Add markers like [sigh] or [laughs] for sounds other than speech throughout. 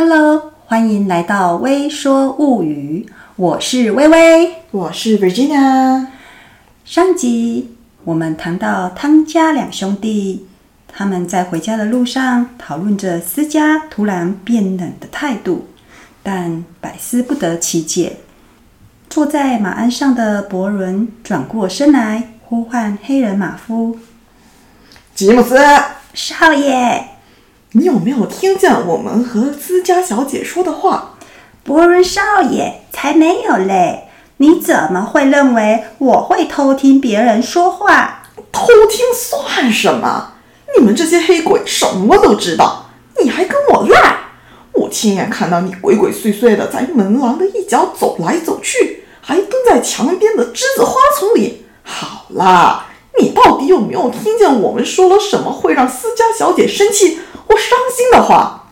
Hello，歡迎來到《微說物語》，我是微微，我是 Virginia。上集我們談到湯家兩兄弟，他們在回家的路上討論着思嘉突然變冷的態度，但百思不得其解。坐在馬鞍上的伯倫轉過身來，呼喚黑人馬夫吉姆斯：“少爺。”你有沒有聽見我們和思嘉小姐說的話？博倫少爺才沒有嘞！你怎麼會認為我會偷聽別人說話？偷聽算什麼？你們這些黑鬼什麼都知道，你還跟我賴？我親眼看到你鬼鬼祟祟的在門廊的一角走來走去，還蹲在牆邊的栀子花叢裡。好啦，你到底有沒有聽見我們說了什麼會讓思嘉小姐生氣？我傷心的話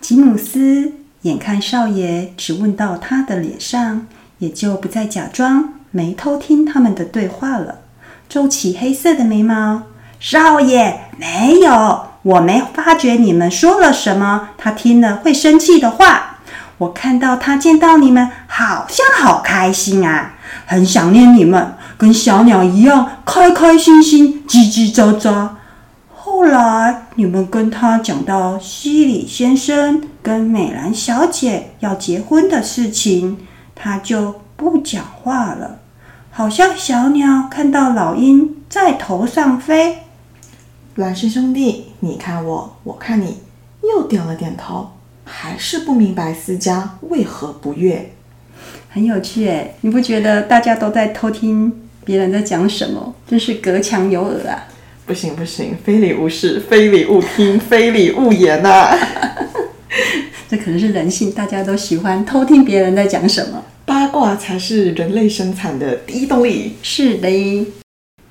吉姆斯眼看少爺只問到他的臉上，也就不再假裝沒偷聽他們的對話了，皺起黑色的眉毛。少爺沒有，我沒發覺你們說了什麼。他聽了會生氣的話。我看到他見到你們，好像好開心啊，很想念你們，跟小鳥一樣，開開心心，嘰嘰喳喳。後來你們跟他講到西里先生跟美蘭小姐要結婚的事情，他就不講話了，好像小鳥看到老鷹在頭上飛。孿生兄弟，你看我，我看你，又點了點頭，還是不明白思嘉為何不悅。很有趣誒，你不覺得大家都在偷聽別人在講什麼？真是隔牆有耳啊！不行不行，非禮勿視，非禮勿聽，非禮勿言吶、啊！ [laughs] 這可能是人性，大家都喜歡偷聽別人在講什麼。八卦才是人類生產的第一動力。是的嘞，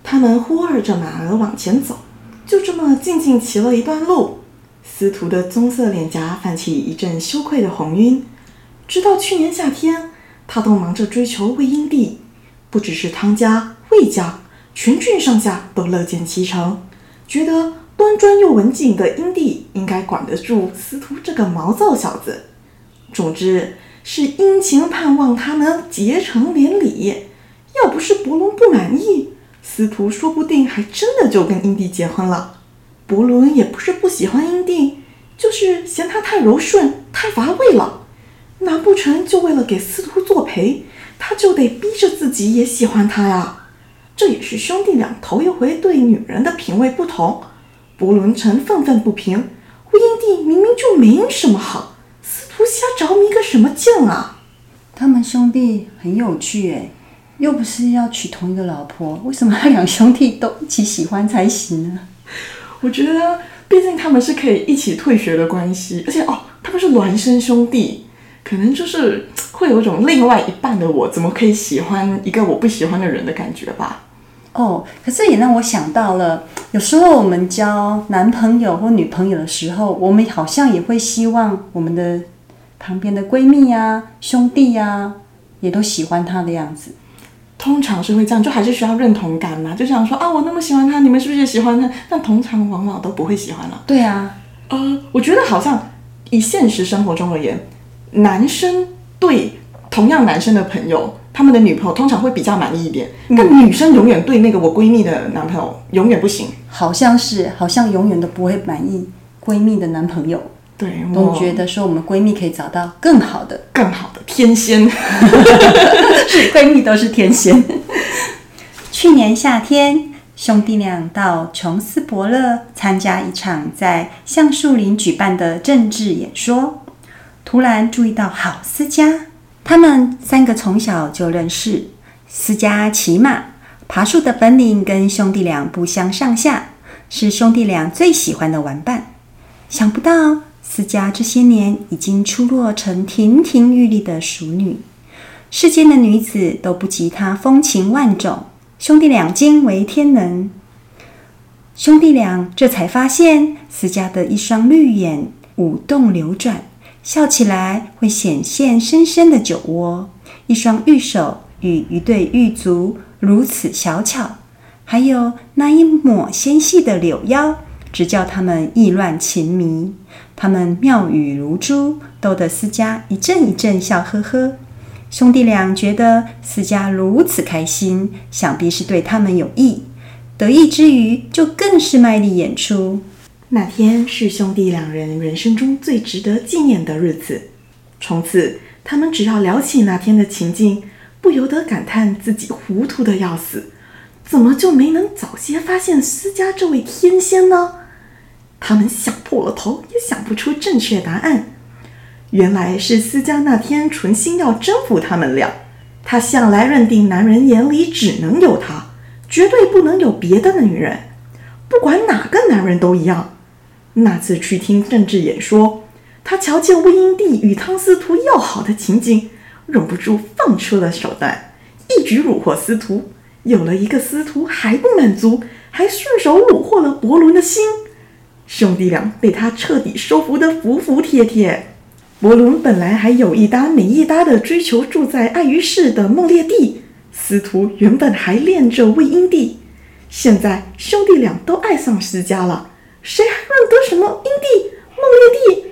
他們呼而着馬兒往前走，就這麼靜靜騎了一段路。司徒的棕色臉頰泛，泛起一陣羞愧的紅暈。直到去年夏天，他都忙着追求魏英帝，不只是湯家、魏家。全郡上下都樂見其成，覺得端莊又文靜的英帝應該管得住司徒這個毛躁小子。總之是殷勤盼望他能結成連理。要不是伯倫不滿意，司徒說不定還真的就跟英帝結婚了。伯倫也不是不喜歡英帝，就是嫌他太柔順、太乏味了。難不成就為了給司徒作陪，他就得逼着自己也喜歡他呀、啊？這也是兄弟倆頭一回對女人的品味不同，博倫城憤憤不平。烏英帝明明就沒什麼好，司徒夏着迷個什麼勁啊？他們兄弟很有趣哎、欸，又不是要娶同一個老婆，為什麼要兩兄弟都一起喜歡才行呢？我覺得，畢竟他們是可以一起退學的關係，而且哦，他們是孿生兄弟。可能就是會有一種另外一半的我怎麼可以喜歡一個我不喜歡的人的感覺吧。哦，可是也讓我想到了，有時候我們交男朋友或女朋友的時候，我們好像也會希望我們的旁邊的閨蜜啊、兄弟啊，也都喜歡他的樣子。通常是會這樣，就還是需要認同感嘛，啊？就想說啊，我那麼喜歡他，你們是不是也喜歡他？但通常往往都不會喜歡了，啊。對啊，啊，呃，我覺得好像以現實生活中而言。男生對同樣男生的朋友，他們的女朋友通常會比較滿意一點。嗯、但女生永遠對那個我閨蜜的男朋友永遠不行，好像是，好像永遠都不會滿意閨蜜的男朋友。對，我覺得說我們閨蜜可以找到更好的、更好的天仙， [laughs] [laughs] 閨蜜都是天仙。 [laughs] [laughs] 去年夏天，兄弟倆到瓊斯伯勒參加一場在橡樹林舉辦的政治演說。突然注意到郝思嘉，他們三個從小就認識。思嘉騎馬、爬樹的本領跟兄弟倆不相上下，是兄弟倆最喜歡的玩伴。想不到思嘉這些年已經出落成亭亭玉立的淑女，世間的女子都不及她風情萬種。兄弟倆驚為天人，兄弟倆這才發現思嘉的一雙綠眼舞動流轉。笑起來會顯現深深的酒窩，一雙玉手與一對玉足如此小巧，還有那一抹纖細的柳腰，直叫他們意亂情迷。他們妙語如珠，逗得思嘉一陣一陣笑呵呵。兄弟倆覺得思嘉如此開心，想必是對他們有意，得意之餘就更是賣力演出。那天是兄弟兩人人生中最值得紀念的日子。從此，他們只要聊起那天的情景，不由得感嘆自己糊塗的要死，怎麼就沒能早些發現思嘉這位天仙呢？他們想破了頭也想不出正確答案。原來是思嘉那天存心要征服他們倆，她向來認定男人眼裡只能有她，絕對不能有別的女人，不管哪個男人都一樣。那次去聽政治演說，他瞧見魏英帝與湯司徒要好的情景，忍不住放出了手段，一舉虜獲司徒。有了一個司徒還不滿足，還順手虜獲了伯倫的心。兄弟倆被他徹底收服得服服帖帖。伯倫本來還有一搭沒一搭的追求住在愛於市的孟烈帝，司徒原本還戀着魏英帝，現在兄弟倆都愛上思嘉了。誰還認得什麼陰地、夢裂地？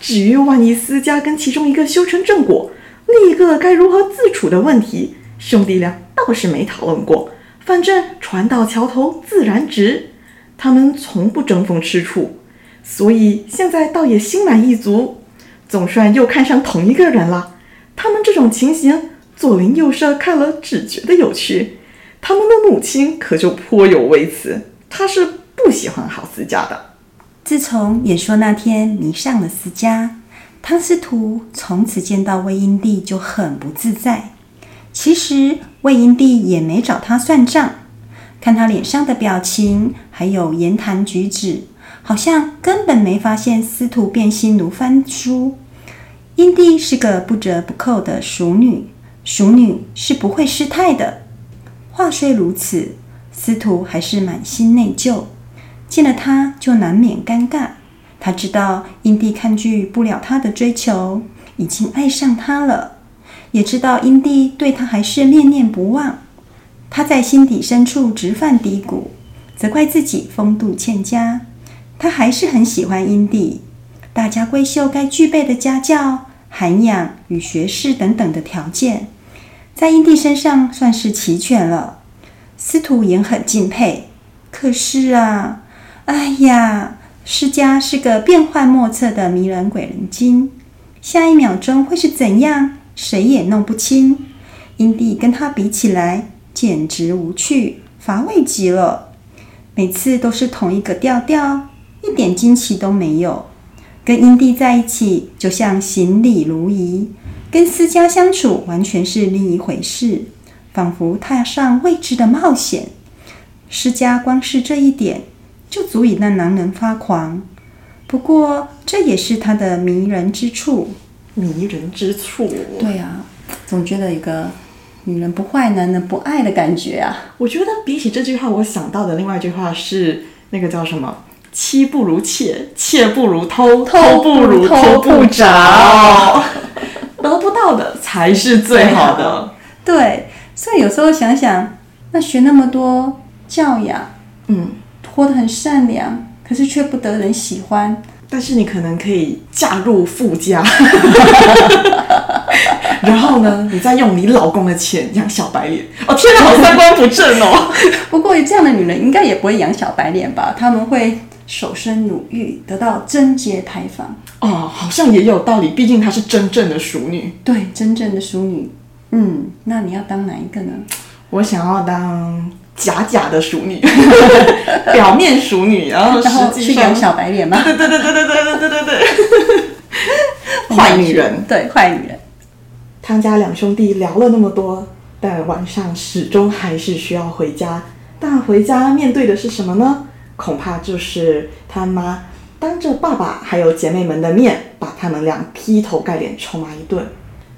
至於萬一思嘉跟其中一個修成正果，另一個該如何自處的問題，兄弟倆倒是沒討論過。反正船到橋頭自然直，他們從不爭風吃醋，所以現在倒也心滿意足，總算又看上同一個人了。他們這種情形，左鄰右舍看了只覺得有趣，他們的母親可就頗有微詞。她是。不喜歡郝思嘉的。自從演說那天迷上了思嘉，湯司徒從此見到魏英蒂就很不自在。其實魏英蒂也沒找他算賬，看他臉上的表情，還有言談舉止，好像根本沒發現司徒變心如翻書。英蒂是個不折不扣的淑女，淑女是不會失態的。話雖如此，司徒還是滿心內疚。見了他就難免尷尬。他知道英弟抗拒不了他的追求，已經愛上他了，也知道英弟對他還是念念不忘。他在心底深處直犯嘀咕，責怪自己風度欠佳。他還是很喜歡英弟，大家閨秀該具備的家教、涵養與學識等等的條件，在英弟身上算是齊全了。司徒也很敬佩，可是啊。哎呀，思嘉是個變幻莫測的迷人鬼靈精，下一秒鐘會是怎樣，誰也弄不清。英蒂跟他比起來，簡直無趣乏味極了，每次都是同一個調調，一點驚奇都沒有。跟英蒂在一起就像行禮如儀，跟思嘉相處完全是另一回事，仿佛踏上未知的冒險。思嘉光是這一點。就足以讓男人發狂，不過這也是他的迷人之處。迷人之處？對啊，總覺得一個女人不壞，男人不愛的感覺啊。我覺得比起這句話，我想到的另外一句話是那個叫什麼？妻不如妾，妾不如偷，偷不如，偷不如，偷不着。得不到的才是最好的。最好。對，所以有時候想想，那學那麼多教養，嗯。活得很善良，可是卻不得人喜歡。但是你可能可以嫁入富家， [laughs] 然後呢， [laughs] 你再用你老公的錢養小白臉。哦，天哪好三觀不正哦。 [laughs] 不過這樣的女人應該也不會養小白臉吧？ [laughs] [laughs] 她們會守身如玉，得到貞潔牌坊。哦，好像也有道理。畢竟她是真正的淑女，對，真正的淑女。嗯，那你要當哪一個呢？我想要當。假假的熟女， [laughs] 表面熟女，然後實際上 [laughs] 小白臉嗎？對對對對對對對對 [laughs] 人對。壞女人，對壞女人。湯家兩兄弟聊了那麼多，但晚上始終還是需要回家。但回家面對的是什麼呢？恐怕就是他媽當着爸爸還有姐妹們的面，把他們倆劈頭蓋臉臭罵一頓。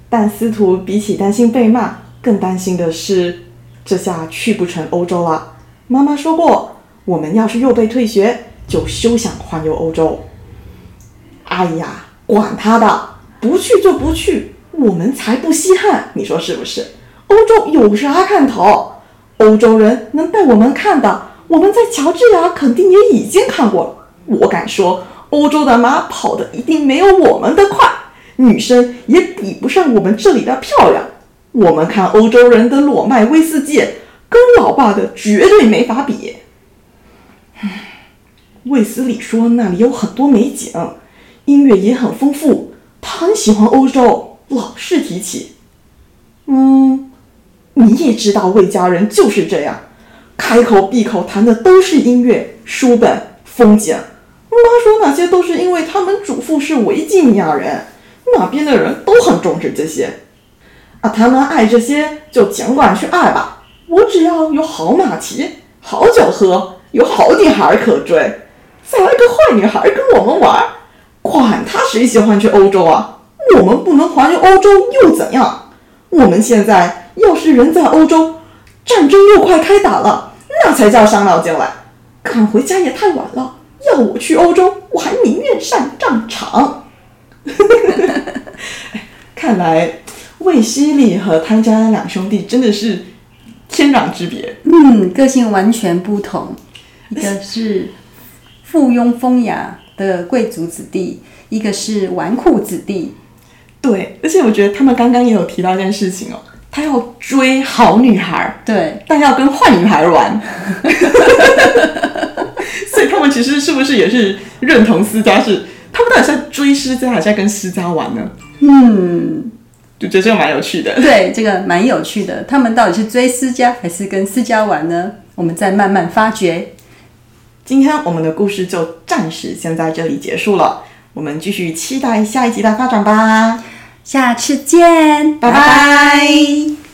但思嘉比起擔心被罵，更擔心的是。這下去不成歐洲了。媽媽說過，我們要是又被退學，就休想環遊歐洲。哎呀，管他的，不去就不去，我們才不稀罕！你說是不是？歐洲有啥看頭？歐洲人能帶我們看的，我們在喬治亞肯定也已經看過了。我敢說，歐洲的馬跑得一定沒有我們的快，女生也比不上我們這裡的漂亮。我們看歐洲人的裸麥威士忌，跟老爸的絕對沒法比。嗯，衛斯理說那裡有很多美景，音樂也很豐富，他很喜歡歐洲，老是提起。嗯，你也知道衛家人就是這樣，開口閉口談的都是音樂、書本、風景。媽說那些都是因為他們祖父是維吉尼亞人，那邊的人都很重視這些。啊，他們愛這些，就盡管去愛吧。我只要有好馬騎，好酒喝，有好女孩可追，再來個壞女孩跟我們玩，管他誰喜歡去歐洲啊！我們不能環遊歐洲又怎樣？我們現在要是人在歐洲，戰爭又快開打了，那才叫傷腦筋嘞。趕回家也太晚了。要我去歐洲，我還寧願上戰場。 [laughs] 看來。衛希禮和湯家的兩兄弟真的是天壤之別，嗯，個性完全不同，一個是附庸風雅的貴族子弟，唉一個是紈絝子弟，對，而且我覺得他們剛剛也有提到一件事情哦，他要追好女孩，對，但要跟壞女孩玩， [laughs] [laughs] 所以他們其實是不是也是認同思嘉是？是他們到底在追思嘉，還是在跟思嘉玩呢？嗯。就覺得這個蠻有趣的。對，這個蠻有趣的。他們到底是追思嘉還是跟思嘉玩呢？我們再慢慢發掘。今天我們的故事就暫時先在這裡結束了。我們繼續期待下一集的發展吧。下次見，拜拜。拜拜。